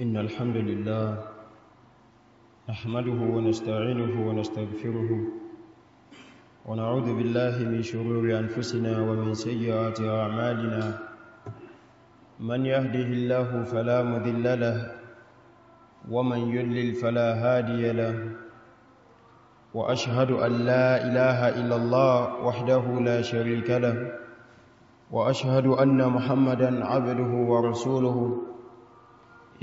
إن الحمد لله نحمده ونستعينه ونستغفره ونعوذ بالله من شرور أنفسنا ومن سيئات أعمالنا من يهده الله فلا مذل له ومن يلل فلا هادي له وأشهد أن لا إله إلا الله وحده لا شريك له وأشهد أن محمدا عبده ورسوله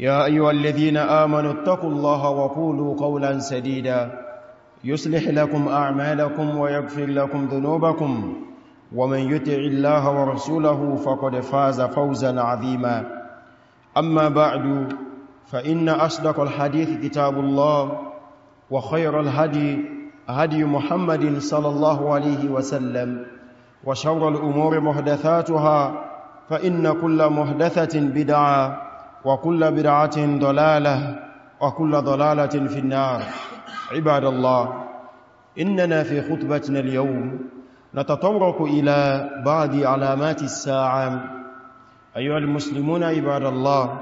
يا أيها الذين آمنوا اتقوا الله وقولوا قولا سديدا يصلح لكم أعمالكم ويغفر لكم ذنوبكم ومن يطع الله ورسوله فقد فاز فوزا عظيما أما بعد فإن أصدق الحديث كتاب الله وخير الهدي هدي محمد صلى الله عليه وسلم وشور الأمور مهدثاتها فإن كل مهدثة بدعا وكل برعة ضلالة وكل ضلالة في النار عباد الله إننا في خطبتنا اليوم نتطرق إلى بعض علامات الساعة أيها المسلمون عباد الله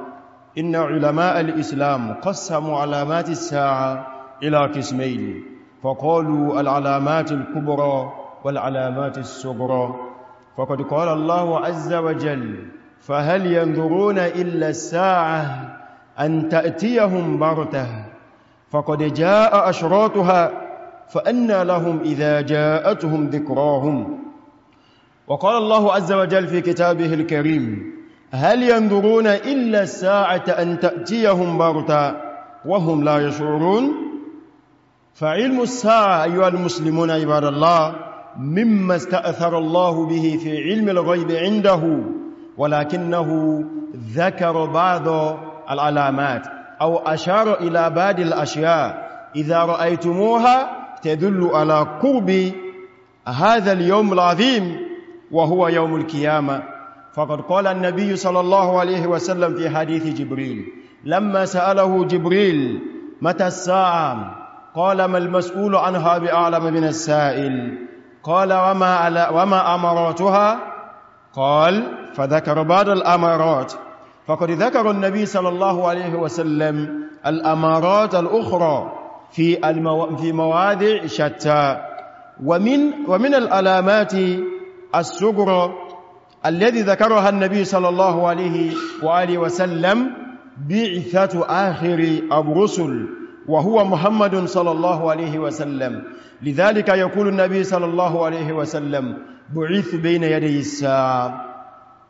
إن علماء الإسلام قسموا علامات الساعة إلى قسمين فقالوا العلامات الكبرى والعلامات الصغرى فقد قال الله عز وجل فهل ينظرون إلا الساعة أن تأتيهم بغتة فقد جاء أشراطها فأنى لهم إذا جاءتهم ذكراهم وقال الله عز وجل في كتابه الكريم هل ينظرون إلا الساعة أن تأتيهم بغتة وهم لا يشعرون فعلم الساعة أيها المسلمون عباد الله مما استأثر الله به في علم الغيب عنده ولكنه ذكر بعض العلامات أو أشار إلى بعض الأشياء إذا رأيتموها تدل على قرب هذا اليوم العظيم وهو يوم القيامة فقد قال النبي صلى الله عليه وسلم في حديث جبريل لما سأله جبريل متى الساعة قال ما المسؤول عنها بأعلم من السائل قال وما, على وما أمراتها قال فذكر بعض الأمارات فقد ذكر النبي صلى الله عليه وسلم الأمارات الأخرى في, المو... في مواضع شتى ومن, ومن الألامات الصغرى الذي ذكرها النبي صلى الله عليه وآله وسلم بعثة آخر الرسل وهو محمد صلى الله عليه وسلم لذلك يقول النبي صلى الله عليه وسلم بعث بين يدي الساعه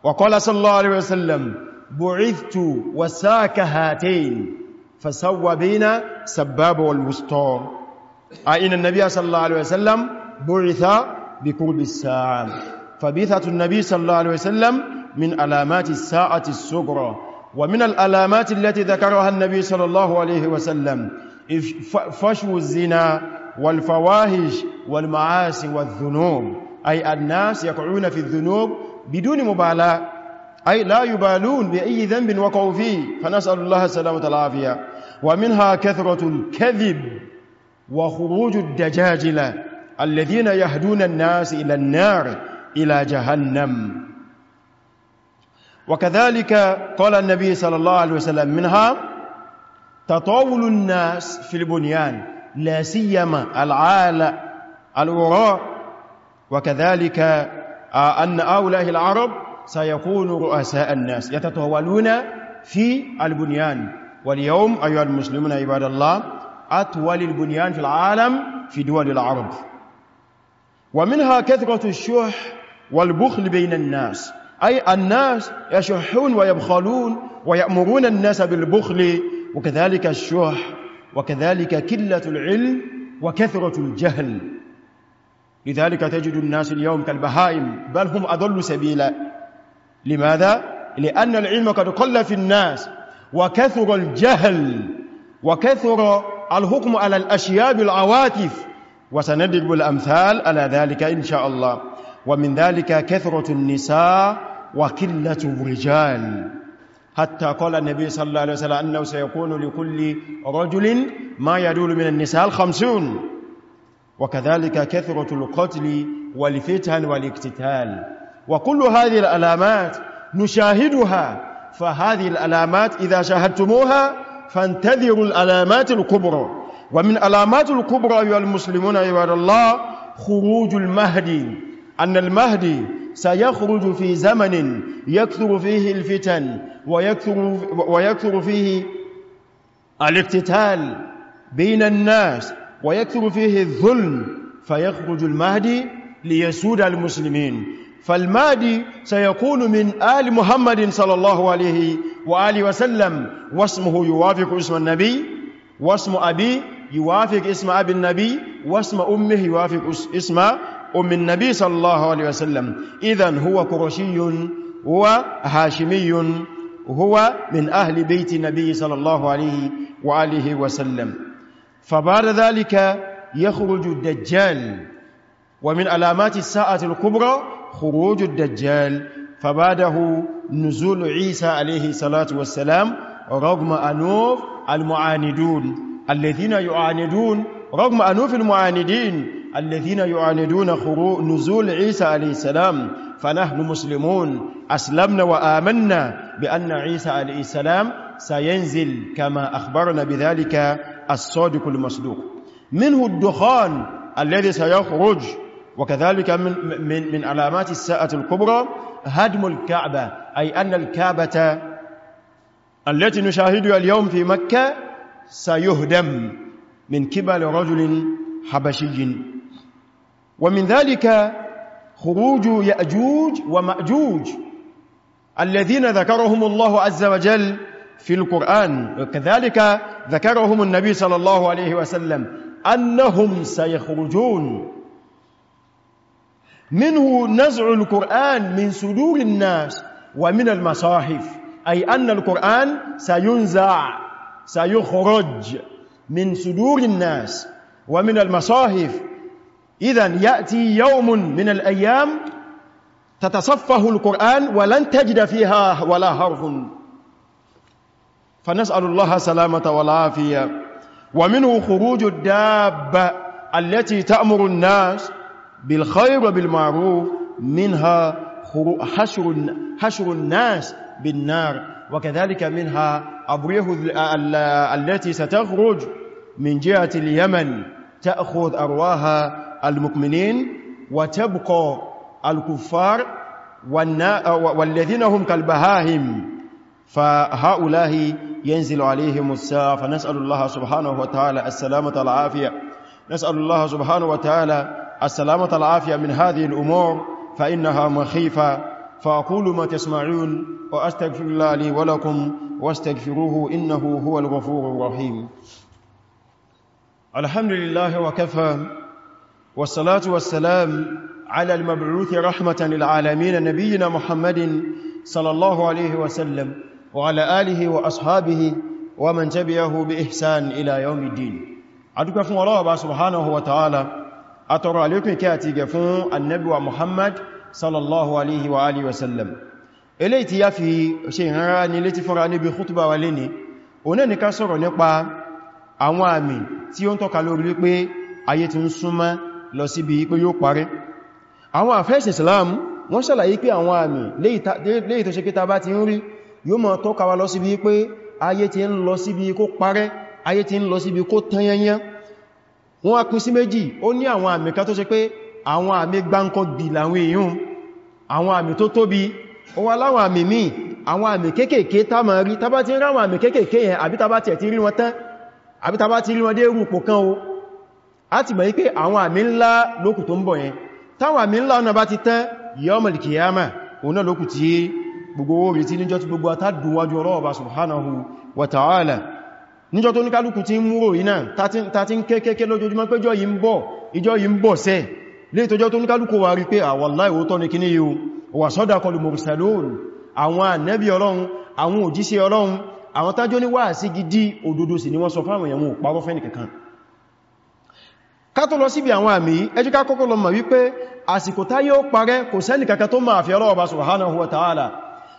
وقال صلى الله عليه وسلم بعثت وساك هاتين فسوى بين سباب والوسطى أي آه، إن النبي صلى الله عليه وسلم بعث بقرب الساعة فبيثة النبي صلى الله عليه وسلم من علامات الساعة السقرى ومن الألامات التي ذكرها النبي صلى الله عليه وسلم فشو الزنا والفواهش والمعاسي والذنوب أي الناس يقعون في الذنوب بدون مبالاة أي لا يبالون بأي ذنب وقعوا فيه فنسأل الله السلامة العافية ومنها كثرة الكذب وخروج الدجاجلة الذين يهدون الناس إلى النار إلى جهنم وكذلك قال النبي صلى الله عليه وسلم منها تطاول الناس في البنيان لا سيما العال الوراء وكذلك آه، أن هؤلاء العرب سيكونوا رؤساء الناس يتطولون في البنيان واليوم أيها المسلمون عباد الله أطول البنيان في العالم في دول العرب ومنها كثرة الشح والبخل بين الناس أي الناس يشحون ويبخلون ويأمرون الناس بالبخل وكذلك الشح وكذلك كلة العلم وكثرة الجهل لذلك تجد الناس اليوم كالبهائم بل هم أضل سبيلا لماذا؟ لأن العلم قد قل في الناس وكثر الجهل وكثر الحكم على الأشياء بالعواتف وسندرب الأمثال على ذلك إن شاء الله ومن ذلك كثرة النساء وكلة الرجال حتى قال النبي صلى الله عليه وسلم أنه سيكون لكل رجل ما يدول من النساء الخمسون وكذلك كثرة القتل والفتن والاقتتال وكل هذه الألامات نشاهدها فهذه الألامات إذا شاهدتموها فانتذروا الألامات الكبرى ومن ألامات الكبرى أيها المسلمون أيها الله خروج المهدي أن المهدي سيخرج في زمن يكثر فيه الفتن ويكثر, ويكثر فيه الاقتتال بين الناس ويكثر فيه الظلم فيخرج المهدي ليسود المسلمين فالمهدي سيكون من آل محمد صلى الله عليه وآله وسلم واسمه يوافق اسم النبي واسم أبي يوافق اسم أبي النبي واسم أمه يوافق اسم أم النبي صلى الله عليه وسلم إذن هو قرشي هو هاشمي هو من أهل بيت النبي صلى الله عليه وآله وسلم فبعد ذلك يخرج الدجال ومن علامات الساعة الكبرى خروج الدجال فبعده نزول عيسى عليه الصلاة والسلام رغم أنوف المعاندون الذين يعاندون رغم أنوف المعاندين الذين يعاندون نزول عيسى عليه السلام فنحن مسلمون أسلمنا وآمنا بأن عيسى عليه السلام سينزل كما أخبرنا بذلك الصادق المصدوق منه الدخان الذي سيخرج وكذلك من, من, من علامات الساعة الكبرى هدم الكعبة أي أن الكعبة التي نشاهدها اليوم في مكة سيهدم من قبل رجل حبشي ومن ذلك خروج يأجوج ومأجوج الذين ذكرهم الله عز وجل في القرآن وكذلك ذكرهم النبي صلى الله عليه وسلم أنهم سيخرجون منه نزع القرآن من صدور الناس ومن المصاحف أي أن القرآن سينزع سيخرج من صدور الناس ومن المصاحف إذا يأتي يوم من الأيام تتصفه القرآن ولن تجد فيها ولا حرف فنسأل الله سلامة والعافية ومنه خروج الدابة التي تأمر الناس بالخير وبالمعروف منها حشر, حشر الناس بالنار وكذلك منها أبريه التي ستخرج من جهة اليمن تأخذ أرواها المؤمنين وتبقى الكفار والذين هم كالبهائم فهؤلاء ينزل عليهم الساعة فنسأل الله سبحانه وتعالى السلامة العافية نسأل الله سبحانه وتعالى السلامة العافية من هذه الأمور فإنها مخيفة فأقول ما تسمعون وأستغفر الله لي ولكم واستغفروه إنه هو الغفور الرحيم الحمد لله وكفى والصلاة والسلام على المبعوث رحمة للعالمين نبينا محمد صلى الله عليه وسلم وعلى آله وأصحابه ومن تبعه بإحسان إلى يوم الدين أدوك فون الله سبحانه وتعالى أترى لكم كاتي فون النبي محمد صلى الله عليه وآله وسلم إليه تيافي شيء راني لتي فراني بخطبة وليني ونني كسر نقبع àwọn àmì tí ó ń tọ́ka lórí wípé ayé ti ń súnmọ́ lọ síbi pé yóò parí àwọn àfẹ́sì Islam wọ́n ṣàlàyé pé àwọn àmì léyìí tó ṣe pé ta bá ti ń rí yóò máa tọ́ka wa lọ síbi pé ayé ti ń lọ síbi kó parẹ́ ayé ti ń lọ síbi kó tanyanya wọ́n a pín sí méjì ó ní àwọn àmì kan tó ṣe pé àwọn àmì gbáǹkan gbì làwọn èèyàn àwọn àmì tó tóbi ó wá láwọn àmì míì àwọn àmì kéékèèké tá máa rí tábá ti rí àwọn àmì kéékèèké yẹn àbí tábá ti rí wọn tán àbí tábá ti rí wọn dé rúpò kan o a ti mọ̀ wípé àwọn àmì ńlá lókù tó ń bọ̀ yẹn táwọn àmì ńlá ọ̀nà bá ti tán yawmal kiyama òun náà lókù tí gbogbo owó retí níjọ́ tí gbogbo atádùn wájú ọlọ́ọ̀bá subhanahu wa ta'ala níjọ́ tó ní kálukú ti ń múrò iná tàti ń kéèkéé lójoojúmọ́ pé jọ yìí ń bọ̀ ìjọ yìí ń bọ̀ sẹ́ lè tọ́jọ́ tó ní kálukú wà rí pé wallahi òótọ́ ni kíní yíò wà sadaqal mursalun àwọn ànábì ọlọ́run àwọn òjíṣẹ́ ọlọ́run àwọn tájọ́ ní wà sí gidi òdodo sì ni wọ́n sọ fáwọn èèyàn wọn ò parọ́ fẹ́ni kankan ká tó lọ síbi àwọn àmì ẹjú ká kọ́kọ́ lọ mọ̀ wípé àsìkò táyé ó parẹ́ kò sẹ́nì kankan tó máa fi ọlọ́ọ̀bá subhanahu wa ta'ala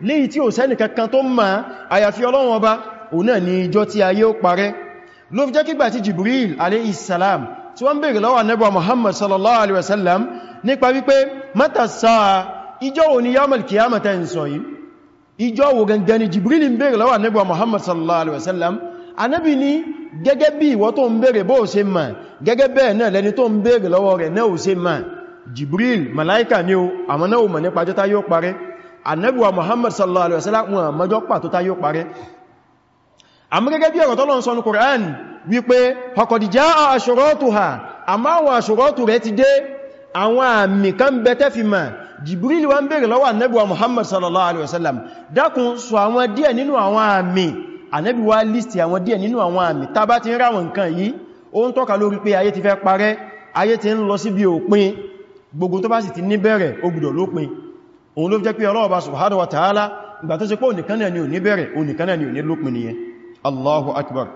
léyìí tí ò sẹ́nì kankan tó ma àyàfi ọlọ́run ọba òun náà ni ìjọ tí ayé ó parẹ́ ló fi jẹ́ kígbà tí jibril alayhi salam tí wọ́n bèèrè lọ́wọ́ nẹ́bọ̀ muhammad sallallahu alaihi wasallam nípa wípé mata sáà ìjọ wo ni yawmal qiyamah ń jibril ń bèèrè lọ́wọ́ muhammad sallallahu alaihi wasallam anábì ni gẹ́gẹ́ bí ìwọ tó ń bèèrè bó ṣe mà gẹ́gẹ́ bẹ́ẹ̀ náà jibril malaika ni o àmọ́ náà mọ̀ nípa annabuwa muhammad sallallahu alaihi wasallam wọn mọ́jọ́ pàtó tá yóò parẹ́ àmọ́ gẹ́gẹ́ bí ọ̀rọ̀ tọ́lọ́run sọ ní Qur'an wípé ọkọ̀dìjá àṣòrọ́tùhà àmọ́ àwọn àṣòrọ́tù rẹ̀ ti dé àwọn àmì kan bẹ̀tẹ́ fi mà Jibril wá ń bèèrè lọ́wọ́ annabuwa muhammad sallallahu alaihi wasallam dákun sọ àwọn díẹ̀ nínú àwọn àmì annabuwa list àwọn díẹ̀ nínú àwọn àmì tá ti ń ráwọn nǹkan yìí ó ń tọ́ka lórí pé ayé ti fẹ́ parẹ́ ayé ti ń lọ síbi òpin gbogbo tó bá sì ti ní bẹ̀rẹ̀ lópin òun ló jẹ́ pé Ọlọ́run bá subhanahu wa ta'ala ìgbà tó ṣe pé ònìkan náà ni ò ní bẹ̀rẹ̀ ònìkan náà ni ò ní lópin nìyẹn Allahu akbar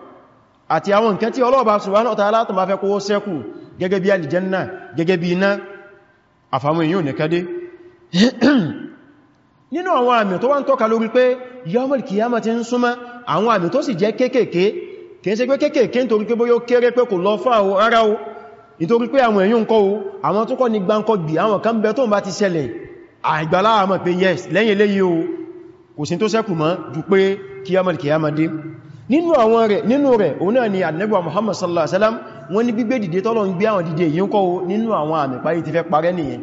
àti àwọn nǹkan tí Ọlọ́run bá subhanahu wa ta'ala tó máa fẹ́ kó sẹ́kù gẹ́gẹ́ bí alìjẹ́nà gẹ́gẹ́ bí iná àfàwọn èèyàn nìkan dé nínú àwọn àmì tó wá ń tọ́ka lórí pé yawmal kiyama ti ń súnmọ́ kéèkèé nítorí pé bóyó kéré pé kò lọ fún àwọn ará o nítorí pé àwọn èèyàn ń kọ́ o àwọn tó kọ́ ní gbáǹkọ́ gbì àwọn kan bẹ tó ń bá ti ṣẹlẹ̀ àìgbàláwà mọ̀ pé yes lẹ́yìn lẹ́yìn o kò sí tó sẹ́kù mọ́ jù pé kíyàmàl kíyàmàdé nínú àwọn rẹ̀ nínú rẹ̀ òun náà ni àdínẹ́gbà Muhammad sallallahu alaihi wasallam wọ́n ní gbígbé dìde tọ́lọ̀ ń gbé àwọn dìde yìí ń kọ́ nínú àwọn àmìpáyé ti fẹ́ parẹ́ nìyẹn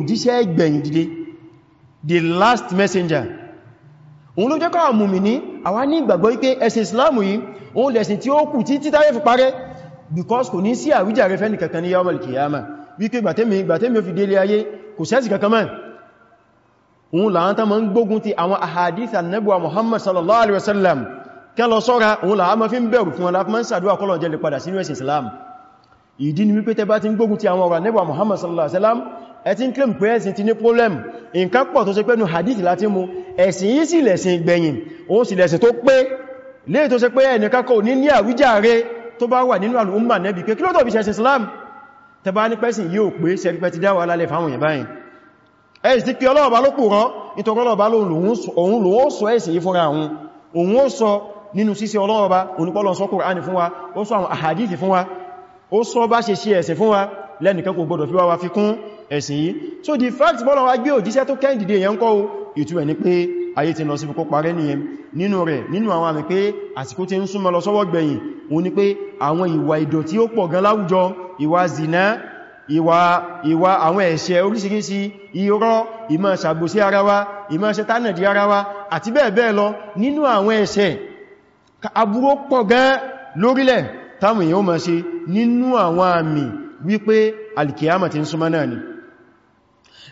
ìdí fẹ́ the last messenger òun ló jẹ́ kọ́ àmùmì ní àwa ní ìgbàgbọ́ wípé islamu yìí òun lẹ̀sìn tí ó because kò ní sí àwíjàre fẹ́ni kankan ní wípé gbàtẹ́mì ò fi délé ayé kò sẹ́sì kankanmán òun làwọn tán ma ń gbógun ti àwọn ahadith annabuwa muhammad sallallahu alaihi wasallam kẹ́ lọ sọ́ra òun làwọn ma fi ń bẹ̀rù islam ìdí ni wípé tẹ́ bá ti ń muhammad sallallahu alaihi wasallam ẹ ti ń problem nǹkan pọ̀ tó ṣe pẹ́nu hadith láti mú ẹ̀sìn yìí sì lẹ̀sìn gbẹ̀yìn òun sì lẹ̀sìn tó pé léè tó ṣe pé ẹnìkan kò ní ní àwíjàre tó bá wà nínú àlùmọ̀ nẹ́bì pé kí ló tó bí ṣe islam tẹba ní pẹ́sìn yíò pé ṣẹ́rípẹ́ ti dáwà alálẹ̀ fáwọn ìbáyìn ẹ̀sì tí pí ọlọ́ọ̀bá ló pò rán ìtọ̀rọ̀ ọlọ́ọ̀bá òun ló ó sọ ẹ̀sìn yí fúnra òun òun ó sọ nínú síse ọlọ́ọ̀bá onípọ́lọ̀ sọ Kùránì fún wa ó sọ àwọn àhàdìsì fún wa ó wa lẹ́nìkan kò gbọdọ̀ so the fact bọ́lọ̀ wa gbé òjíṣẹ́ tó kẹ́ndìdé yẹn kọ́ ìtú ẹ̀ ni pé ayé ti lọ sí kó parẹ́ nìyẹn nínú rẹ̀ nínú àwọn àmì pé àsìkò ti ń súnmọ́ lọ sọ́wọ́ gbẹ̀yìn òun ni pé àwọn ìwà ìdọ̀tí ó pọ̀ gan láwùjọ ìwà zina ìwà ìwà àwọn ẹ̀ṣẹ̀ oríṣiríṣi irọ́ ìmọ̀ ṣàgbòsí ara wa ìmọ̀ ṣe tánàdí ara wa àti bẹ́ẹ̀ bẹ́ẹ̀ lọ nínú àwọn ẹ̀ṣẹ̀ aburú pọ̀ gan lórílẹ̀ táwọn èèyàn máa ṣe nínú ni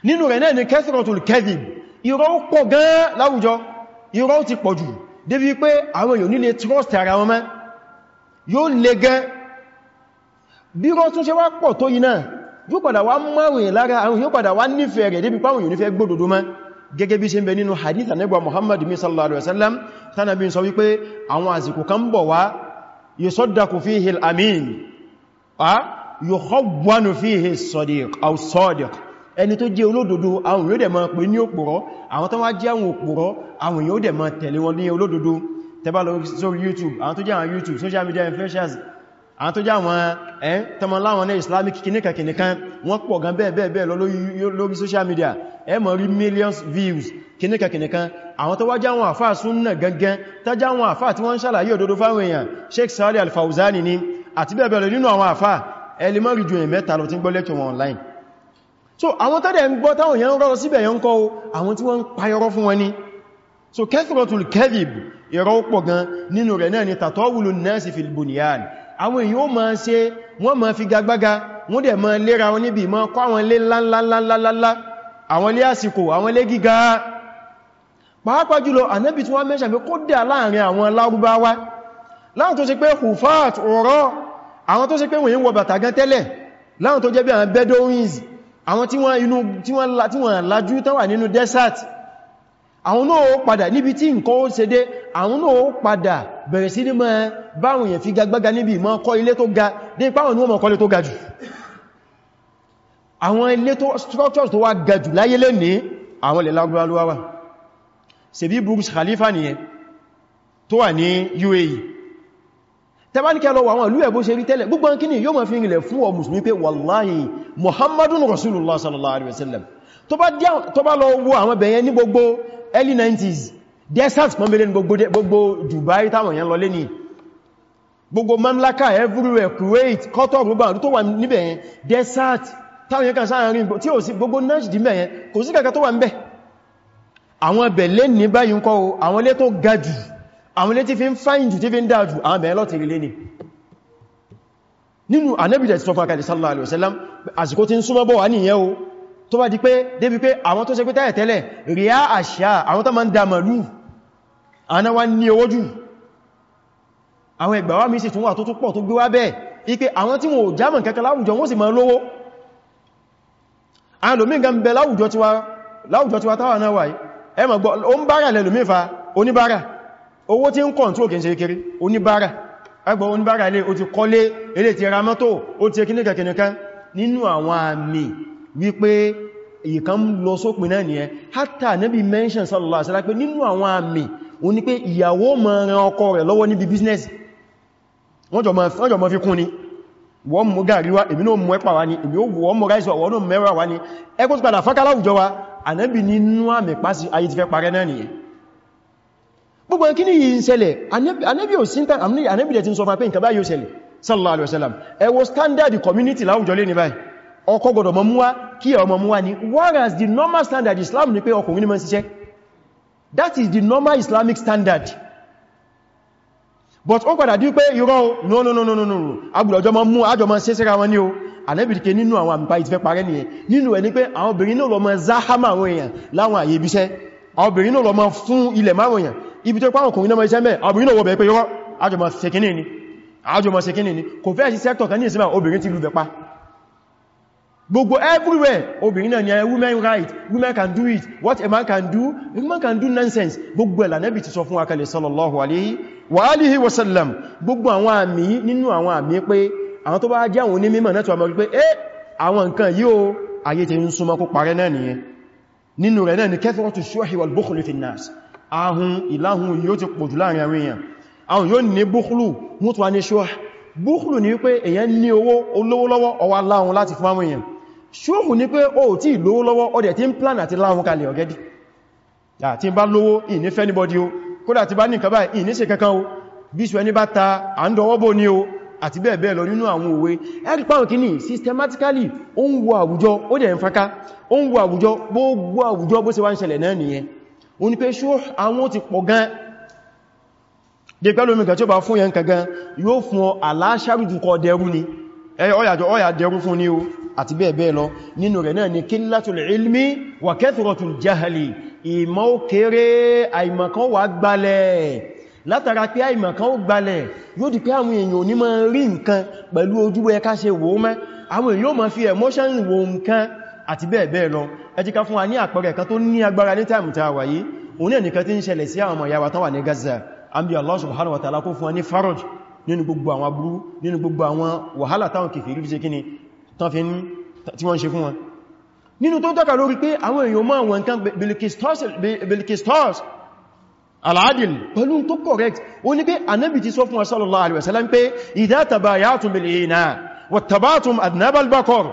nínú rẹ̀ náà ni kẹsìrọ̀tul kẹzìb irọ́ pọ̀ gan láwùjọ irọ́ ti pọ̀ jù débi bí rọ́ tún ṣe wá pọ̀ tó yìí náà yóò padà wá márùn-ún lára àwọn yóò padà wá nífẹ̀ẹ́ rẹ̀ débi páwọn yóò nífẹ̀ẹ́ gbódòdó mọ́ gẹ́gẹ́ bí ṣe ń bẹ nínú hadith anẹ́gbà muhammadu mi sallallahu alaihi wasallam tánà bí sọ wípé àwọn àsìkò kan bọ̀ wá yusaddaqu sadiq aw as-sadiq ẹni tó jẹ́ olódodo àwọn yóò dẹ̀ máa pè ní òpùrọ́ àwọn tó wá jẹ́ àwọn òpùrọ́ àwọn yóò dẹ̀ máa tẹ̀lé wọn ní olódodo tẹ́bá lọ sórí youtube àwọn tó jẹ́ àwọn youtube social media influencers àwọn tó já wọn ẹ́ tọmọ láwọn ní islamic kìníkà kìníkan wọ́n pọ̀ gan bẹ́ẹ̀ bẹ́ẹ̀ lọ lórí social media ẹ mọ̀ rí millions views kìníkà kìníkan àwọn tó wá já wọn àfáà súnnà gangan tó já wọn tí wọ́n ṣàlàyé òdodo fáwọn èèyàn sheikh sali al-Fawzani ni àti bẹ́ẹ̀ bẹ́ẹ̀ lọ nínú àwọn àfáà ẹ lè mọ̀ online so àwọn tó dẹ̀ ń gbọ́ táwọn èèyàn rọ́rọ̀ síbẹ̀ yẹn ń kọ́ so kathratul kadhib ìrọ́ pọ̀ gan nínú rẹ̀ náà ni tatawulu nasi fil bunyan àwọn èèyàn ó máa ṣe wọ́n máa fi gagbága wọ́n dẹ̀ máa lera wọn níbi máa kọ́ àwọn ilé ńláńláńláńlá àwọn ilé àsìkò àwọn ilé gíga pàápàá jùlọ ànábì tí wọ́n mẹ́ṣàn pé kó dẹ̀ láàrin àwọn lárúbáwá láwọn tó ṣe pé hufat ọ̀rọ̀ àwọn tó ṣe pé wọ́n yí wọ bàtà gan tẹ́lẹ̀ láwọn tó jẹ́ bí àwọn bedouins àwọn tí wọ́n lajú tán wà nínú desert àwọn náà padà níbi tí nǹkan ó ṣe dé àwọn náà padà bẹ̀rẹ̀ sí ní mọ́ báwọn èèyàn fi gagbága níbi ìmọ̀ kọ́ ilé tó ga dé páwọn ní wọ́n mọ̀ kọ́ ilé tó ga jù àwọn ilé tó structures tó wá ga jù láyé lé ní àwọn ilẹ̀ lágbàlúwà ṣebí Burj Khalifa nìyẹn tó wà ní UAE tẹbáníkẹ́ lọ àwọn ìlú ẹ̀bọ́ ṣe rí tẹ́lẹ̀ gbogbo kíní yóò mọ̀ fi ń rìnlẹ̀ fún ọ Rasulullah sallallahu alaihi wasallam tó bá lọ wo àwọn bẹ̀yẹn ní gbogbo early 90s desert pọ̀mẹ́lẹ́ ní gbogbo Dubai táwọn yẹn lọ lé ní gbogbo mamlaka everywhere Kuwait Qatar gbogbo àrú tó wà níbẹ̀yẹn desert táwọn yẹn kan sáàrin tí ó sì gbogbo náàjì mẹ́yẹn kò sí kàkà tó wà níbẹ̀ àwọn ẹbẹ̀ lé ní báyìí kọ́ àwọn ilé tó ga jù àwọn ilé tí fi ń fáyìn jù tí fi ń dáa tó bá di pé débi pé àwọn tó ṣe pé tẹ́lẹ̀ tẹ́lẹ̀ ríá àṣà àwọn tó ma ń dàmàlú àná wá ní owó jù àwọn ẹgbàwà mi sì tún wà tó tó pọ̀ tó gbé wá bẹ́ẹ̀ ipé àwọn tí wọ́n jámọ̀ kẹ́kẹ́ láwùjọ wọ́n sì ma lówó àwọn lòmín gan kiri oníbára agbọ̀ oníbára ilé o ti kọ́lé ilé ti ra mọ́tò wípé èyí kan lọ sópin náà nìyẹn hátà Nábì mention sallallahu alaihi wasallam pé nínú àwọn àmì o ní pé ìyàwó ma ran ọkọ rẹ̀ lọ́wọ́ níbi business wọ́n jọ ma fi kún ni wọ́n mú gàrí wá èmi náà mú ẹ̀pà wá ní èmi ó wọ́n mú ráìsì wọ́n náà mẹ́wàá wá ní ni yìí ń ṣẹlẹ̀ Ànábì ò sí Ànábì dẹ̀ ti ń sọ fún apé nǹkan báyìí ó ẹ wo standard community láwùjọ lé ní báyìí ọkọ mọ́ mú wá kí ọmọ mú wá ní whereas the normal standard Islam ni pé ọkùnrin ní mọ́ síṣẹ́ that is the normal Islamic standard but ó padà dí pé irọ́ no no no no no no agbùdọ̀jọ́ mọ́ mú àjọ mọ́ sí síra wọn ní o àlẹ́bìdìkẹ́ nínú àwọn àmìpa ìtìfẹ́ parẹ́ nìyẹn nínú ẹni pé àwọn obìnrin náà lọ mọ́ záhámà àwọn èèyàn láwọn àyè ibiṣẹ́ àwọn obìnrin náà lọ mọ́ fún ilẹ̀ márùn èèyàn ibi tó pàwọn ọkùnrin náà mọ́ iṣẹ́ mẹ́ àwọn obìnrin náà wọ́bẹ̀ pé irọ́ àjọmọ̀ sekínì ni kò fẹ́ sí sẹ́kítọ̀ kan ní ìsinmi obìnrin ti lù pa gbogbo everywhere obìnrin náà ni eh, women right women can do it what a man can do a woman can do nonsense gbogbo ẹ̀là nẹ́bì ti sọ fún akalẹ̀ sallallahu alayhi wa alihi wasallam gbogbo àwọn àmì nínú àwọn àmì pé àwọn tó bá jẹ́ àwọn onímọ̀ náà tó àmọ́ pé eh àwọn nǹkan yìí o ayé ti ń súnmọ́ kó parẹ́ náà nìyẹn nínú rẹ̀ náà ni kathratu shuhi wal bukhli fi nas ahun ìlàhun yóò ti pọ̀jù láàrin àwọn èèyàn àwọn yóò ní bukhlu wọ́n tó wá ní shuhi bukhlu ni wípé èèyàn ní owó olówó lọ́wọ́ ọwá láhun láti fún àwọn èèyàn ṣúfù ní pé o tí lówó lọ́wọ́ ọdẹ̀ tí ń plan àti láhun kalẹ̀ ọ̀gẹ́dì àti bá lówó ìní fẹ́ níbọ́dí o kódà ti bá ní nǹkan báyìí ìní ṣe kankan o bí ṣe ẹni bá ta à ń dọwọ́bọ̀ ni o àti bẹ́ẹ̀ bẹ́ẹ̀ lọ nínú àwọn òwe ẹ̀rí pàwọn kìíní systematically ó ń wo àwùjọ ó dẹ̀ ń faka ó ń wo àwùjọ gbogbo àwùjọ bó ṣe wá ń ṣẹlẹ̀ náà nìyẹn ó ní pé ṣó àwọn ti pọ̀ gan dé pẹ́lú omi kan tí ó bá fún yẹn kan gan yóò fún ọ aláṣàrùjù kọ dẹrú ni ẹ̀yọ́ ọ̀yà dẹrú fún ni o àti bẹ́ẹ̀ bẹ́ẹ̀ lọ nínú rẹ̀ náà ni kíllatul ilmi wa kathratul jahli ìmọ̀ ó kéré àìmọ̀kan wà gbalẹ̀ látara pé àìmọ̀kan ó gbalẹ̀ yóò di pé àwọn èèyàn ní máa rí nǹkan pẹ̀lú ojú ẹka ṣe wò mẹ́ àwọn èèyàn máa fi emotion wo nǹkan àti bẹ́ẹ̀ bẹ́ẹ̀ lọ ẹ jẹ́ ká fún wa ní àpẹẹrẹ kan tó ní agbára ní táìmù tá a wà yìí òun náà nìkan tí ń gbogbo àwọn aburú nínú gbogbo àwọn wàhálà táwọn kèfèrí fi ṣe kíni tí wọ́n ṣe fún wọn nínú tó ń tọ́ka lórí pé àwọn èèyàn mọ́ àwọn nǹkan bilkistos al'adil pẹ̀lú tó correct ó ní pé anábì ti sọ fún sallallahu alaihi wasallam pé idha tabayatum bil ina wattabatum adnab al-baqar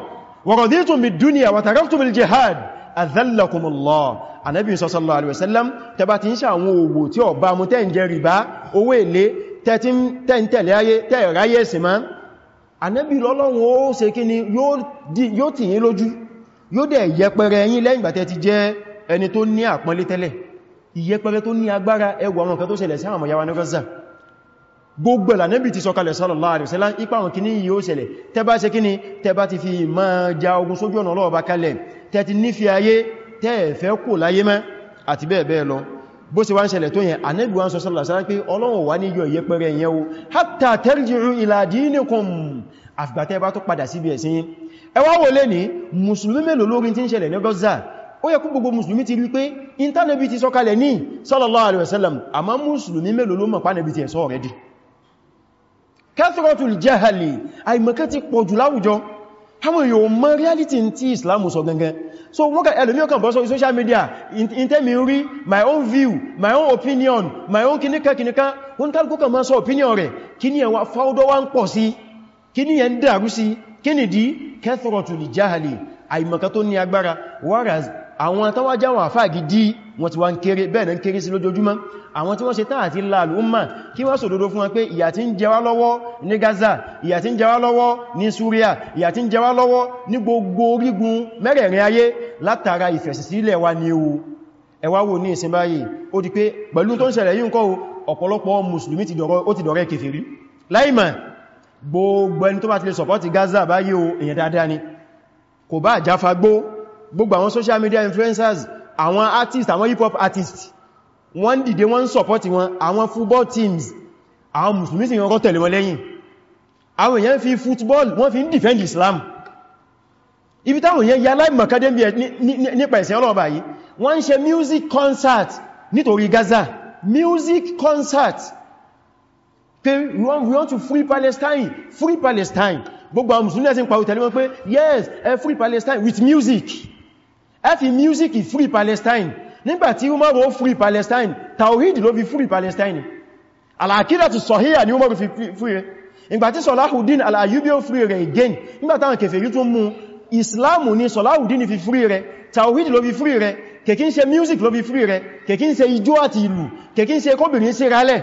wa raditum bid-dunya wa taraktum al-jihad adhallakumullah anábì sallallahu alaihi wasallam tẹba ti ń ànábì lọ́lọ́run ó ṣe kí ni yóò tì yín lójú yóò dẹ̀ yẹpẹrẹ yín lẹ́yìn ìgbàtẹ́ ti jẹ́ ẹni tó ní àpọ́nlé tẹ́lẹ̀ ìyẹpẹrẹ tó ní agbára ẹwà àwọn nǹkan tó ṣẹlẹ̀ sí àwọn yawa ní Gaza gbogbo ànábì ti sọkalẹ̀ sallallahu alaihi wasallam ipa àwọn kìíní yóò ṣẹlẹ̀ tẹ́ bá ṣe kíní tẹ́ bá ti fi bó ṣe wá ń ṣẹlẹ̀ tó yẹn anẹ́gbù wọn sọ́sọ́lá sára pé ọlọ́run wà ní yọ ìyẹpẹrẹ yẹn o hatta tarji'u ila dinikum àfìgbàtẹ́ bá tó padà síbi ẹ̀sìn ẹ wá wò lé ní mùsùlùmí mélòó lórí tí ń ṣẹlẹ̀ ní Gaza ó yẹ kú gbogbo mùsùlùmí ti rí pé intanẹ́bì ti sọ́kalẹ̀ ní sallallahu alaihi wasallam àmá mùsùlùmí mélòó ló mọ̀ pánẹ́bì ti ẹ̀sọ́ rẹ̀ dì kathratul jahali àìmọ̀kẹ́ ti pọ̀jù láwùjọ àwọn èèyàn mọ̀ reality tí Islam so wọ́n ẹlòmí ọkàn bọ́ sórí social media in tẹ́mi rí my own view my own opinion my own kìníkà kìníkà wọ́n kálùkù kan máa sọ opinion rẹ̀ kí ni ẹwà fáúdọ́ wá ń pọ̀ sí kí ni ẹ ń dàrú sí kí ni dí kẹ́thọ̀rọ̀tù lè jáhàlì àìmọ̀ká tó ní agbára àwọn tó wá jáwọn àfáà gidi wọ́n ti wá ń kéré bẹ́ẹ̀ náà ń kéré sí lójoojúmọ́ àwọn tí wọ́n ṣe tán àti láàlú ọmọ kí wọ́n sòdodo fún wọn pé ìyà tí ń jẹ wá lọ́wọ́ ní Gaza ìyà tí ń jẹ lọ́wọ́ ní Syria ìyà tí ń jẹ lọ́wọ́ ní gbogbo orígun mẹ́rẹ̀ẹ̀rin ayé ni o ẹwà wo ní ìsin báyìí ó di pé pẹ̀lú tó ń ṣẹlẹ̀ yìí ń kọ́ ọ̀pọ̀lọpọ̀ mùsùlùmí ti Gaza báyìí o èèyàn dáadáa ni gbogbo àwọn social media influencers àwọn artists, àwọn hip hop artists, wọ́n dìde wọ́n support wọn àwọn football teams àwọn musulmi sì yọkọ́ tẹ̀lé wọn lẹ́yìn àwọn èèyàn fi football wọ́n fi ń defend Islam ibi táwọn èèyàn ya láì mọ̀kádé nípa ìsẹ̀ ọlọ́ọ̀bà yìí wọ́n ń ṣe music concert nítorí Gaza music concert pé we want to free Palestine free Palestine gbogbo àwọn musulmi ẹ̀sìn pàwọ̀ tẹ̀lé wọn pé yes free Palestine with music a fi music free Palestine nígbàtí Umaru ó free Palestine tawhid ló fi free Palestine al-aqidatu sahiha ni Umaru fi free rẹ̀ ìgbàtí Salahuddin al-Ayyubi ó free rẹ̀ again nígbàtàwọn kèfèrí tún mú Islamu ni Salahuddin fi free rẹ̀ tawhid ló fi free rẹ̀ kèkín ṣe music ló fi free rẹ̀ kèkín ṣe ijó àti ìlú kèkín ṣe kóbìnrin sí rálẹ̀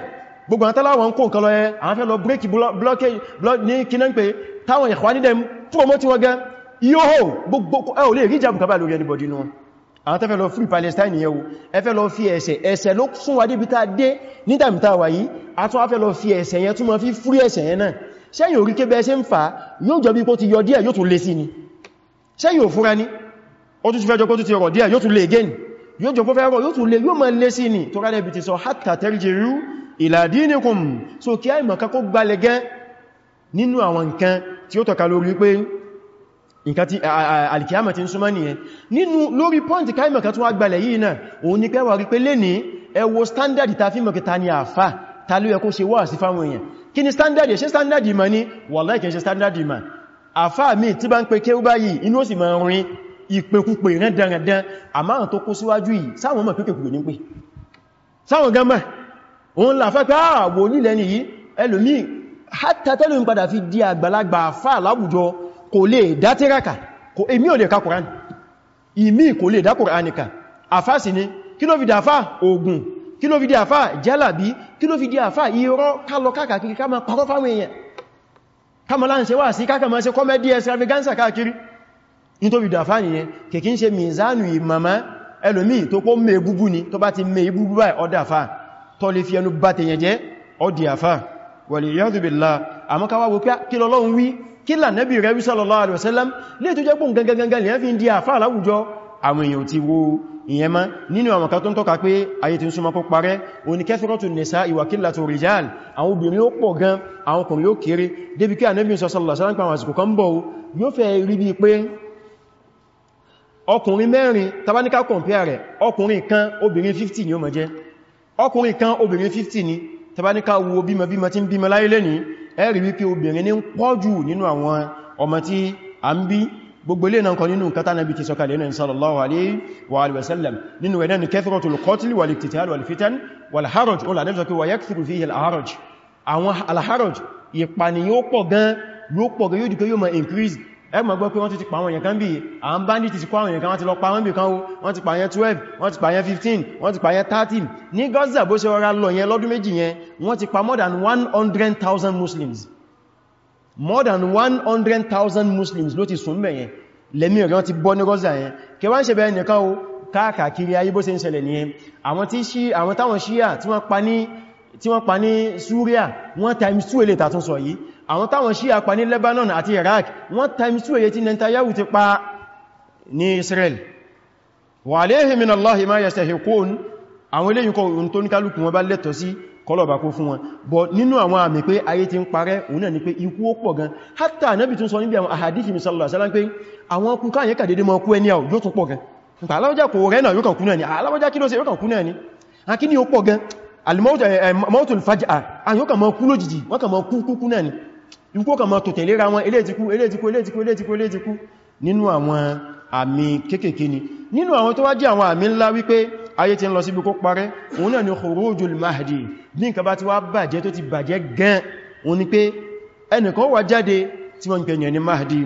gbogbo àwọn tàláwọn kò nǹkan ẹ àwọn fẹ́ lọ break blockade ní kí pé táwọn ìkwánidẹ̀ promote wọn gan yóò gbogbo ẹ ò lè rí ìjàmù kaba lórí anybody nù àwọn tẹ́fẹ́ lọ free Palestine yẹ̀wò ẹfẹ́ lọ fi ẹ̀ṣẹ̀ ẹ̀ṣẹ̀ ló sún wa débi tá dé ní wà yìí a tún afẹ́ lọ fi ẹ̀ṣẹ̀ yẹn tún ma fi fúrí ẹ̀ṣẹ̀ yẹn náà sẹ́yìn orí kébẹ́ se ń fà yóò jọ bí ti yọ díẹ̀ yóò tún lè sí ni sẹ́yìn òfúra ní ó tún fẹ́ jọ kó ti rọ̀ díẹ̀ yóò tún lè gẹ́ ni yóò jọ kó fẹ́ rọ̀ yóò tún lè yóò ma lè sí ni tó rádẹ́ bí ti sọ hatta tarji'u ila dinikum so kí àìmọ̀ká kó gbalẹ̀ gẹ́ pé nǹkan tí alìkìyàmà ti ń súnmọ́ nìyẹn nínú lórí pọ́ǹtì káìmọ̀ kan tún wá gbalẹ̀ yìí náà òun ni pẹ́wàá rí pé lè ní ẹwọ standard ta fi mọ̀kí ta ni àfà ta ló yẹ kó ṣe fáwọn èèyàn kí ni standard ṣe standard ìmọ̀ ni wàláhì kì í ṣe standard mi tí bá ń pe kéwú báyìí inú ó sì máa rin ìpèkúpè rán dandan àmáhàn tó kó síwájú yìí sáwọn mọ̀ pípèkúpè ní pé sáwọn gánmà òun làfẹ́ pé àwò ah, nílẹ̀ kò lè dátíraka kò èmi ò lè ka kùránì ìmí kò lè dá kùránì ka àfáàsì ni kí ló fi dá àfá ogun kí ló fi dá àfá jálàbí kí ló fi dá àfá irọ́ kálọ káàkiri ká ma parọ́ fáwọn èèyàn ká ma láǹṣẹ́ wà sí káàkà ma ṣe kọ́mẹ́dí extravaganza káàkiri ní tó fi dá àfá nìyẹn kèkí ń ṣe mìzánù ìmàmá ẹlòmí tó kó mẹ́ búbú ni tó bá kí lànẹ́bì rẹ̀ sallallahu alaihi wasallam lè tó jẹ́ pùn gangangangan lè fi ń di àfáà láwùjọ àwọn èèyàn ti wo ìyẹn má nínú àwọn kan tó ń tọ́ka pé ayé ti ń súnmọ́ kó parẹ́ oníkẹ́sọ́rọ̀tù nìsá ìwàkílà tó rìjáàlì àwọn obìnrin ó pọ̀ gan àwọn ọkùnrin ó kéré débi kí ànẹ́bì sallallahu alaihi wasallam àsìkò kan bọ̀ yóò fẹ́ rí bí pé ọkùnrin mẹ́rin tabaníká kọ̀mpẹ́ rẹ̀ ọkùnrin kan obìnrin 50 ni ó mọ̀ jẹ́ ọkùnrin kan obìnrin 50 ni tabaníká wo bímọ bímọ tí ń bímọ láyé lẹ́nìí ẹ̀rí wípé obìnrin ní pọ̀jù nínú àwọn ọmọ tí a ń bí gbogbo ilé náà kan nínú nǹkan tí Ànábì ti sọ̀kalẹ̀ nínú sallallahu alaihi wa alihi wasallam nínú ẹ̀dẹ́ ni kathratul qatl wal iqtital wal fitan wal o làdẹ́ sọ pé wa yakthuru fihi al-haraj àwọn al-haraj ìpànìyàn ó pọ̀ gan yóò pọ̀ gan yóò ma increase ẹgbẹ̀ gbọ́ pé wọ́n ti pa àwọn èèyàn kan bí àwọn bandit ti kó àwọn èèyàn kan ti lọ pa wọ́n bí kan wọ́n ti pa yẹn 12 wọ́n ti pa yẹn 15 wọ́n ti pa yẹn 13 ní Gaza bó ṣe rọra lọ yẹn lọ́dún méjì yẹn wọ́n ti pa more than 100,000 Muslims more than 100,000 Muslims ló ti sùn bẹ̀ yẹn lẹ́mí ọ̀rẹ́ wọ́n ti bọ́ ní Gaza yẹn kí wọ́n ṣe bẹ́ẹ̀ nìkan o káàkiri ayé bó ṣe ń ṣẹlẹ̀ nìyẹn àwọn tí àwọn táwọn Shia tí wọ́n pa ní Syria àwọn táwọn Shia pa ní Lebanon àti Iraq wọ́n times two èyí tí Netanyahu ti pa ní Israel wa alayhi min Allahi ma yastahiqun àwọn eléyìn kọ ohun tó ní kálùkù wọn bá lẹ́tọ̀ sí kọlọ̀bà kó fún wọn bọ̀ nínú àwọn àmì pé ayé ti ń parẹ́ òun náà ni pé ikú ó pọ̀ gan hátà anábì tún sọ níbi àwọn àhàdífì misalọ̀ àṣálá pé àwọn ọkùn káàyẹ́ kàdédé mọ́ kú ẹni àwọn yóò tún pọ̀ gan nípa kò rẹ́ yóò kàn kú ni aláwọ́já kí ló ṣe yóò kàn kú ni ikú kàn máa tò tẹ̀lera wọn eléjìkú eléjìkú eléjìkú eléjìkú eléjìkú nínú àwọn àmì kéèkéé ni nínú àwọn tó wá jẹ́ àwọn àmì ńlá wípé ayé ti ń lọ síbi kó parẹ́ òun náà ni khurujul mahdi ní nǹkan bá ti wá bàjẹ́ tó ti bàjẹ́ gan òun ni pé ẹnìkan wà jáde tí wọ́n pè ní mahdi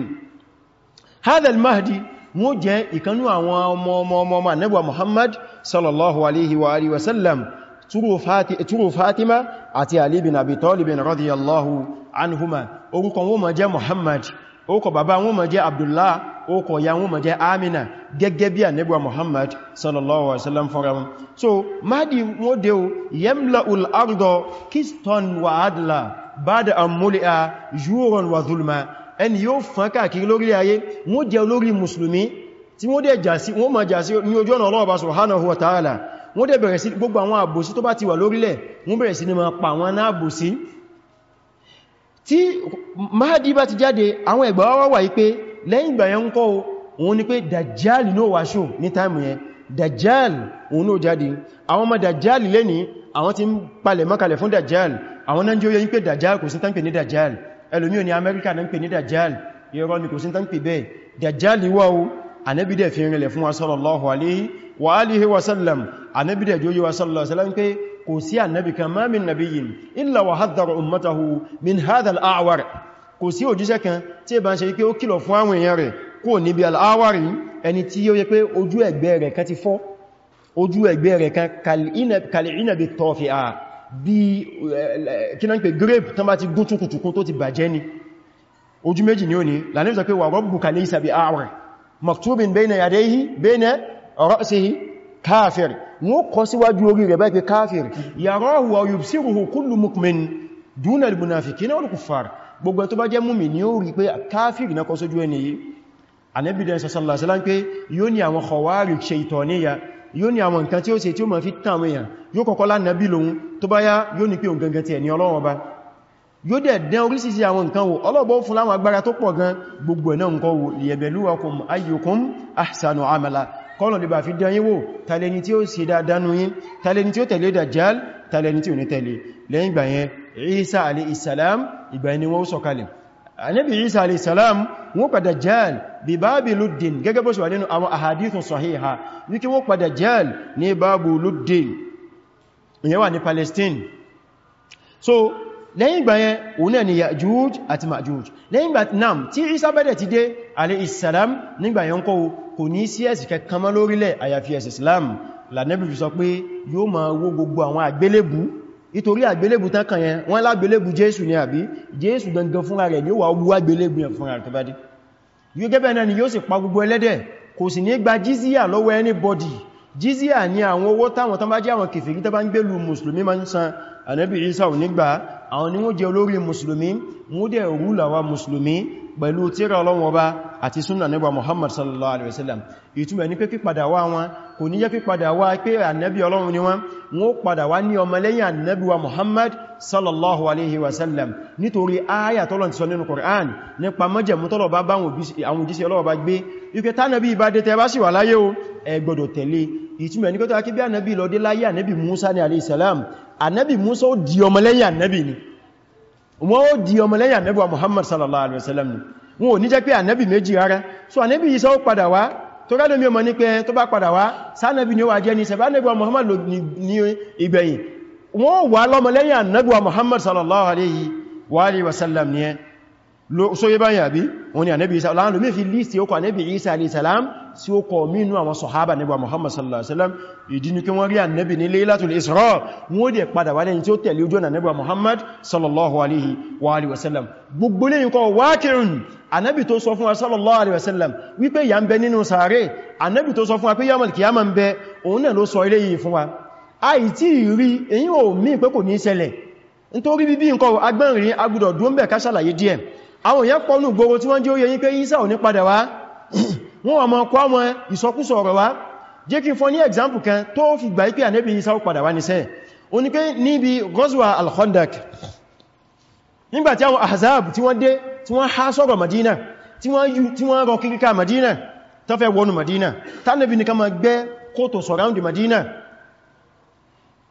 hadhal mahdi wọ́n jẹ́ ìkanú àwọn ọmọ ọmọ ọmọ ọmọ anẹ́gbà muhammad sallallahu alaihi wa alihi wasallam turu fatima àti ali bin abi anhuma orúkọ wọn máa jẹ́ Muhammad orúkọ bàbá wọn máa jẹ́ Abdullah orúkọ ya wọn máa jẹ́ Amina gẹ́gẹ́ bí anẹ́gbà Muhammad sallallahu alaihi wasallam fọ́ram so madi wọ́n dé o yamla'ul ardo kistan wa adla bada amulia juron wa zulma ẹni yóò fán káàkiri lori ayé wọ́n jẹ́ olórí musulmi tí wọ́n dẹ̀ jàsí wọ́n máa jàsí ní ojú ọ̀nà Ọlọ́run Ọba subhanahu wa ta'ala wọ́n dẹ̀ bẹ̀rẹ̀ sí gbogbo àwọn àbòsí tó bá ti wà lórílẹ̀ wọ́n bẹ̀rẹ̀ sí ní máa pa àwọn anáàbòsí tí Mahdi bá ti jáde àwọn ẹgbà wá wà yí pé lẹ́yìn ìgbà yẹn ń kọ́ òun ni pé Dajjal ní ó wà ṣò ní táìmù yẹn Dajjal òun ló jáde àwọn ọmọ Dajjal lẹ́ni àwọn tí ń palẹ̀ mọ́kalẹ̀ fún Dajjal àwọn náà jẹ́ yí pé Dajjal kò sí tán pè ní Dajjal ẹlòmíò ní Amẹ́ríkà náà pè ní Dajjal irọ́ ni kò sí tán pè bẹ́ẹ̀ Dajjal wà ó Ànábì dẹ̀ fi rinlẹ̀ fún wa sallallahu alaihi wa alihi wa sallam Ànábì pé kò sí annabi kan ma min nabiyyin illa wa haddara ummatahu min hadha al'awar kò sí òjíṣẹ́ kan tí ba ṣe pé ó kìlọ̀ fún àwọn èèyàn rẹ̀ kò ní bí al'awari ẹni tí ó yẹ pé ojú ẹ̀gbẹ́ rẹ̀ kan ti fọ́ ojú ẹ̀gbẹ́ rẹ̀ kan kal'ina bi tawfi'a bí kina pe grape tan ba ti gún tukutukun tó ti bàjẹ́ ni ojú méjì ni ó ní lanin sọ pé wa rabbuka laysa bi a'war maktubin bayna káfir wọ́n kọ síwájú orí rẹ̀ báyìí pé káfir yarahu wa yubsiruhu kullu mu'min duna al-munafiqina wal kuffar gbogbo tó bá jẹ́ mu'min ni ó rí pé káfir na kọ sójú ẹni yìí Ànábì sallallahu alaihi wasallam pé yóò ní àwọn khawarij shaytaniya yóò ní àwọn nǹkan tí ó ṣe tí ó ma fi tàn èèyàn yóò kọ́kọ́ lánàbí lòun dẹ̀ orísìsí àwọn nǹkan wò ọlọ́bọ̀ fún láwọn agbára tó pọ̀ gan gbogbo ẹ̀ nǹkan wò liyabluwakum ayyukum ahsanu amala kọ́lọ̀ lè bà fi dán yíwò tàlẹni tí ó sì dáadánú yí tàlẹni tí ó tẹ̀lé dajjal tàlẹni tí ó ní tẹ̀lé lẹ́yìn ìgbà Isa alaihissalam ìgbà yẹn ni wọ́n sọ̀kalẹ̀ ànábì Isa alaihissalam wọ́n pa dajjal bí báàbì luddin gẹ́gẹ́ bó ṣe wà nínú àwọn ahadithun sahiha wíkí wọ́n pa dajjal ní báàbù luddin ìyẹn wà Palestine so lẹ́yìn ìgbà yẹn òun náà ni Ya'juj àti Ma'juj lẹ́yìn ìgbà náà tí Isa bẹ́dẹ̀ ti dé alaihissalam nígbà yẹn kọ́ kò ní sí ẹ̀sì kẹkàn mọ́ lórílẹ̀ àyàfi ẹ̀sì Islam lànẹ́bì fi sọ pé yóò máa wó gbogbo àwọn àgbélébù nítorí àgbélébù tán kàn yẹn wọ́n lágbélébù Jésù ni àbí Jésù gangan fúnra rẹ̀ ni ó wà wú àgbélébù yẹn fúnra ni yóò sì ni àwọn owó táwọn tán bá jẹ́ àwọn kèfèrí tán bá ń gbélù mùsùlùmí máa ń san ànẹ́bì Isa ò ni wọ́n jẹ́ olórí mùsùlùmí wọ́n dẹ̀ rúlà wa mùsùlùmí pẹ̀lú tírà ọlọ́wọ́ bá àti súnà nígbà Muhammad sallallahu alaihi wasallam ìtumọ̀ ní pé pípadà wá wọn kò ní jẹ́ pípadà wá pé ànẹ́bí ọlọ́run ni wọ́n wọ́n padà wá ní ọmọlẹ́yìn ànẹ́bí wa Muhammad sallallahu alaihi wasallam nítorí ayà tọ́lọ̀ ti sọ nínú Qur'an nípa mọ́jẹ̀mú tọ́lọ̀ bá báwọn òjíṣẹ́ ọlọ́wọ́ bá gbé ike tánàbí ìbá dé tẹ́ bá sì wà láyé o ẹ gbọ́dọ̀ tẹ̀lé Musa ni alaihi salam ànẹ́bí Musa ó di ọmọlẹ́yìn ànẹ́bí ni wọ́n ó di ọmọlẹ́yìn ànábì wa Muhammad sallallahu alaihi wasallam ni wọn ò ní jẹ́ pé ànábì méjì rárá so ànábì Ìsá ó padà wá tó rádọ́ mi ọmọ ní pé tó bá padà wá sánàbí ni ó wà jẹ́ ní sẹ̀bá ànábì wa Muhammad ní ìgbẹ̀yìn wọ́n wà lọ́mọlẹ́yìn Muhammad sallallahu alaihi wasallam so yé báyìí àbí wọn ni ànẹ́bì isa láàrín lómí fi lístì okò ànẹ́bì isa alìsàlám sí okò mínú àwọn sọ̀hábà nígbà Muhammad sallallahu alaihi wasallam ìdí ni kí wọ́n rí ànẹ́bì ní Laylatul Isra wọ́n dẹ̀ padà wà lẹ́yìn tí ó tẹ̀lé ojú ọ̀nà nígbà Muhammad sallallahu alaihi wa alihi wasallam gbogbo lẹ́yìn kọ wákìrùn ànẹ́bì alaihi wasallam wípé ya ń bẹ nínú sàárè ànẹ́bì tó sọ fún wa pé yamal kiyama ń bẹ òun náà ló sọ ilé yìí fún wa àìtí rí èyí nítorí bíbí nǹkan agbẹ́rin agbùdọ̀ dúnbẹ̀ ká díẹ̀ àwọn èèyàn pọ̀lú gbogbo tí wọ́n jẹ́ ó yẹ yín pé Ìsá ò ní padà wá wọ́n wà mọ́ kọ́ àwọn ìsọkúsọ ọ̀rọ̀ wá jẹ́ kí n ní example kan tó fi gbà pé ànẹ́bì Ìsá ó padà wá níṣẹ́ o ní pé níbi gọ́zùwà al-Khandaq nígbàtí àwọn tí wọ́n wọ́n há Madina tí wọ́n rọ Madina tó fẹ́ Madina tánàbì ní ká ma gbẹ́ kóòtò Madina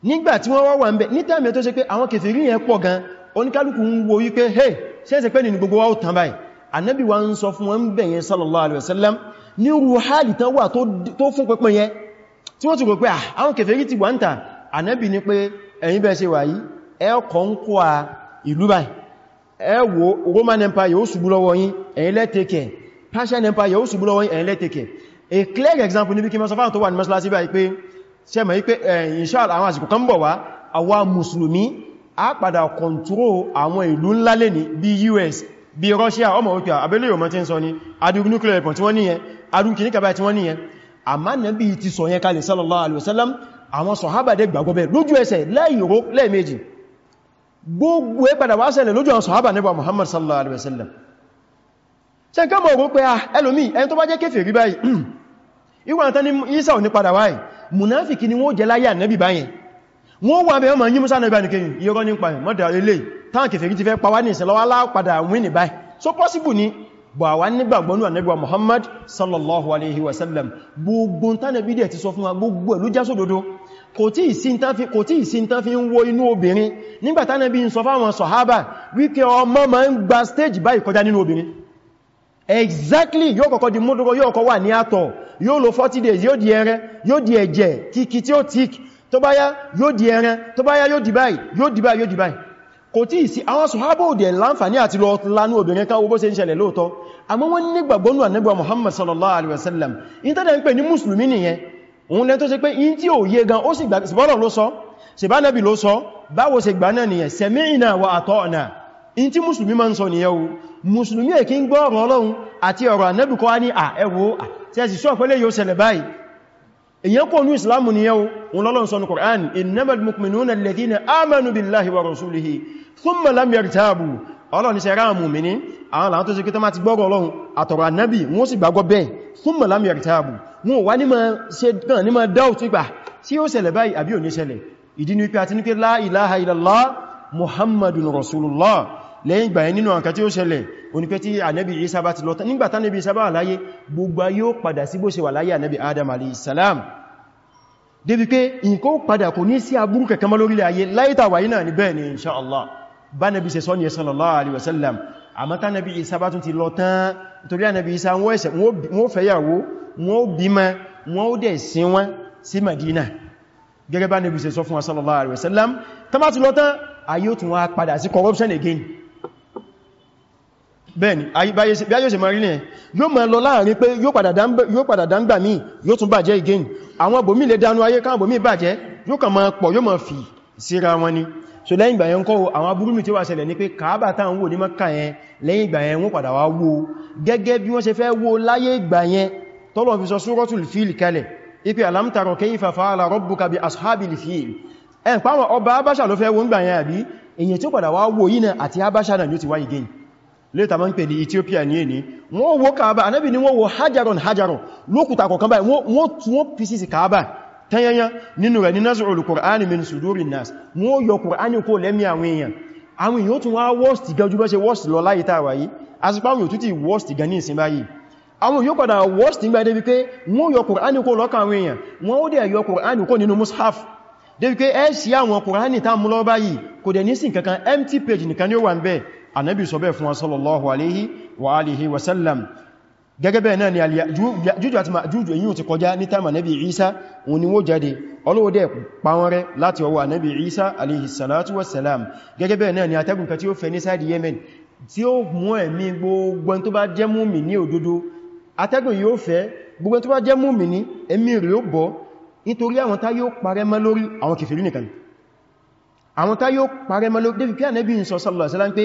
nígbàtí wọ́n wọ́wà ń bẹ̀ ní tẹ́mẹ̀ tó ṣe pé àwọn kèfèrí yẹn pọ̀ gan oníkálùkù ń wo wípé hey ṣẹ́ẹ̀sẹ̀ pẹ́ nínú gbogbo wa ó tàn báyìí ànábì wa ń sọ fún wọn bẹ̀yẹn sallallahu alaihi wasallam ní ruhali tán wà tó fún pẹ́pẹ́ yẹn tí wọ́n ti rò pé ah, àwọn kèfèrí ti wà ń tà ànábì ní pé ẹ̀yin bẹ́ẹ̀ ṣe wà yìí ẹ kọ́ ń kọ́ à ìlú báyìí ẹ wo Roman Empire yóò ṣubú lọ́wọ́ yín ẹ̀yin lẹ take care Persian Empire yóò ṣubú lọ́wọ́ yín ẹ̀yin lẹ take care a clear example níbi kí mọ́sánfà tó wà ní mọ́sánlá sí báyìí pé ṣẹ́mọ̀ yí pé eh, inshallah àwọn àsìkò kan bọ̀ wá àwa mùsùlùmí a padà kọntúrò àwọn ìlú ńlá lè ní bí US bí Russia ọmọ òkè abẹ́lẹ̀ yóò mọ́ tí ń sọ ní adúgbù nuclear weapon tí wọ́n níyẹn adúgbù kìníkà tí wọ́n níyẹn àmá nàbí ti sọ yẹn kalẹ̀ sallallahu alaihi wasallam àwọn sọ̀hábà dẹ̀ gbàgbọ́ bẹ̀ lójú ẹsẹ̀ lẹ́yìnró lẹ́ẹ̀mejì gbogbo ẹ padà wá ṣẹlẹ̀ lójú àwọn sọ̀hábà nípa Muhammad sallallahu alaihi wasallam ṣe n kọ́mọ̀ òun pé a ah, ẹlòmí ẹni tó bá jẹ́ kéfèrí báyìí ìwọ̀n tán ní Isa ò ní padà wáyìí munafiki wọ́n wà bẹ̀ ọmọ yí musa náà nìkẹyìn ìyọ́rọ́ nípa ẹ̀ mọ́dà ilé táǹkì fèrí ti fẹ́ pàwà ní ìsẹ̀lọ́wà láàpàdà wí ní báyìí so possible ni bọ̀ àwọn nígbàgbọ́nú ànẹ́gbà Muhammad sallallahu alaihi wasallam gbogbo tánàbí dẹ̀ ti sọ fún wa gbogbo ẹ̀lú jásò dodo kò tí ìsin tán fi ń wo inú obìnrin nígbà tánàbí ń sọ fáwọn sọ̀hábà wípé ọmọ ma ń gba stage báyìí kọjá nínú obìnrin exactly yóò kọ̀kọ́ di múdúró yóò kọ wà ní àtọ̀ yóò lo 40 days yóò di ẹrẹ yóò di ẹ̀jẹ̀ kíkí tí ó tíkì tó bá yá yóò di ẹran tó bá yá yóò di báyìí yóò di báyìí yóò di báyìí kò tí ì sí àwọn sọ̀hábò òdẹ̀ láǹfàní àti lọ lánú obìnrin káwọ́ bó ṣe ń ṣẹlẹ̀ lóòtọ́ àmọ́ wọ́n Muhammad sallallahu alaihi wasallam in tẹ́lẹ̀ ń pè ní mùsùlùmí nìyẹn òun lẹ́ tó ṣe pé in tí ò yé gan ó sì gbà síbọ́lọ̀ ló sọ ṣèbá nẹ́bì ló sọ báwo ṣe gbà náà nìyẹn sami'na wa ata'na in tí mùsùlùmí o mùsùlùmí èkí ń gbọ́ ọ̀rọ̀ Ọlọ́run àti ọ̀rọ̀ ànẹ́bì kọ́ ní à èyàn kò ní ìsìlámù ni yau wọn lọ́lọ́n sọ ní Qur'an innamal mu'minuna alladhina amanu billahi wa rasulihi thumma lam yartabu ọlọ́run ní sẹ́rá mùmìní àwọn àwọn tó sì kíta máa ti gbọ́rọ̀ ọlọ́run àtọ̀rọ̀ annabi wọ́n sì gbàgbọ́ bẹ́ẹ̀ thumma lam yartabu wọn wá ní ma ṣe gan ní ma dáùtù ìgbà tí ó ṣẹlẹ̀ oní pé tí ànábì Ìsá bá ti lọ tán nígbàtá ànábì Ìsá bá wà láyé gbogbo yóò padà sí bó ṣe wà láyé ànábì Adam alayhisalam débi pé nǹkan ó padà kò ní sí aburú kankan mọ́ lórílẹ̀ ayé láìta wáyé náà ní bẹ́ẹ̀ ni insha Allah bá nàbí ṣe sọ́ni sallallahu alaihi wasallam àmọ́ta nàbí Ìsá bá tún ti lọ tán torí ànàbí Ìsá wọ́n fẹ́yàwó wọ́n corruption again bẹ́ẹ̀ni ayíbáyé sí bí a yóò ṣe máa rí nìyẹn yóò máa lọ láàrin pé yóò padà dáńgbà míì yóò tún bàjẹ́ again àwọn bòmí lè dánú ayé káwọn bòmí bàjẹ́ yóò kàn máa pọ̀ yóò máa fi síra wọn ni so lẹ́yìn ìgbà yẹn kọ́ àwọn aburú mi tí wà ṣẹlẹ̀ ní pé kàábà tá ń wò ní Mákà yẹn lẹ́yìn ìgbà yẹn wọ́n padà wá wó gẹ́gẹ́ bí wọ́n ṣe fẹ́ wó láyé ìgbà yẹn tọ́lọ̀ fi sọ Suratul ọba abáṣà ló fẹ́ wó gbà yẹn àbí èyàn tí ó padà wá wó yìí náà àti abáṣà náà yóò ti wáyé gẹ́yìn lẹ́ta máa ń pè ní Ethiopia ní èní wọ́n wó Kaaba anábì ni wọ́n wó hajaron hajaron lókùta kọ̀kan báyìí wọ́n tún pieces Kaaba tanyanya nínú rẹ̀ ní nazarul Qur'ani min suduri nas wọ́n yọ Qur'ani kó lẹ́mí àwọn èèyàn àwọn èèyàn tún wá worst worst lọ láyé tàwà yìí asipá àwọn òtútù worst gan ní ìsin báyìí àwọn yóò padà worst nígbà débi pé wọ́n yọ Qur'ani kó lọ́kàn àwọn èèyàn wọ́n ó dẹ̀ yọ Qur'ani kó nínú mushaf débi pé ẹ́ sí àwọn Qur'ani tá mú lọ báyìí kò dẹ̀ ní sí nǹkan kan empty page nìkan ni ó wà ń bẹ́ẹ̀ Ànábì sọ bẹ́ẹ̀ fún wa sallallahu alaihi wa alihi wa sallam gẹ́gẹ́ bẹ́ẹ̀ náà ni Ya'juj àti Ma'juj èyí tí kọjá ní tàmà Ànábì Isa òun ni wó jáde Ọlọ́hun dẹ̀ pa wọ́n rẹ́ láti ọwọ́ Ànábì Isa alaihi salatu wa salam gẹ́gẹ́ bẹ́ẹ̀ náà ni atẹ́gùn kan tí ó fẹ́ ní sáàdì Yemen tí ó mú ẹ̀mí gbogbo tó bá jẹ́ múmi ní òdodo atẹ́gùn yóò fẹ́ gbogbo tó bá jẹ́ múmi ní ẹ̀mí rẹ̀ ó bọ́ nítorí àwọn tá yóò parẹ́ mọ́ lórí àwọn kèfèrí nìkan àwọn tá yóò parẹ́ débi pé Ànábì sọ sallallahu alaihi pé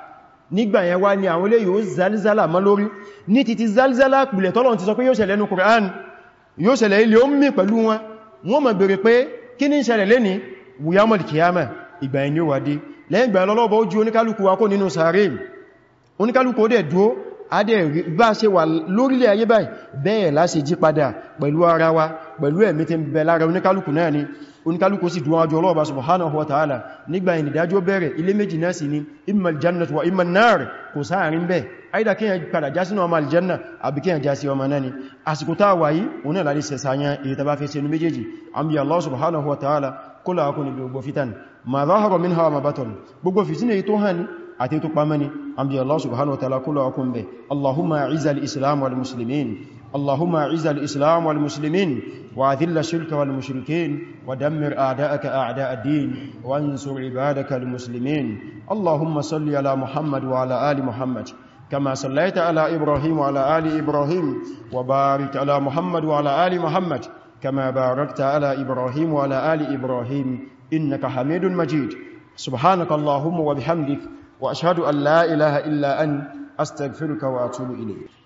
nígbà yẹn wá ní àwọn ilé yóò zalzala mọ́ lórí ní títí zalzala pìlẹ̀ tọ́lọ̀ ti sọ pé yóò ṣẹlẹ̀ ní Kùránì yóò ṣẹlẹ̀ ilé ó mì pẹ̀lú wọn wọ́n mọ̀ bèèrè pé kí ní ṣẹlẹ̀ lé ní wùyámọ̀lì kìyàmà ìgbà yẹn yóò wádé lẹ́yìn ìgbà lọ́lọ́bọ̀ ó ju oníkálukú wa la ṣe jí padà oníkálùkù sì dúnwà jọ ọlọ́ọ̀bá subhanahu wa ta'ala nígbà ìdájọ́ bẹ̀rẹ̀ ilé méjì náà sì ni immal jannat wa immal nar kò sáàrin bẹ́ àìdá kíyàn padà já sínú ọmọ aljanna àbí kíyàn já sí ọmọ náà ni àsìkò táà wáyí òun náà láti sẹ̀sáyán èyí tàbá fẹ́ sínú méjèèjì àmì Allah subhanahu wa ta'ala kó làákùn ní gbogbo fitan ma zahara minha ma baton gbogbo fitina èyí tó hàn àti tó pamani àmì Allah subhanahu wa ta'ala kó làákùn bẹ̀ Allahumma a'izal islam wal muslimin اللهم اعز الإسلام والمسلمين وأذل الشرك والمشركين ودمر أعداءك أعداء الدين وانصر عبادك المسلمين اللهم صل على محمد وعلى آل محمد كما صليت على إبراهيم وعلى آل إبراهيم وبارك على محمد وعلى آل محمد كما باركت على إبراهيم وعلى آل إبراهيم إنك حميد مجيد سبحانك اللهم وبحمدك وأشهد أن لا إله إلا أن أستغفرك وأتوب إليك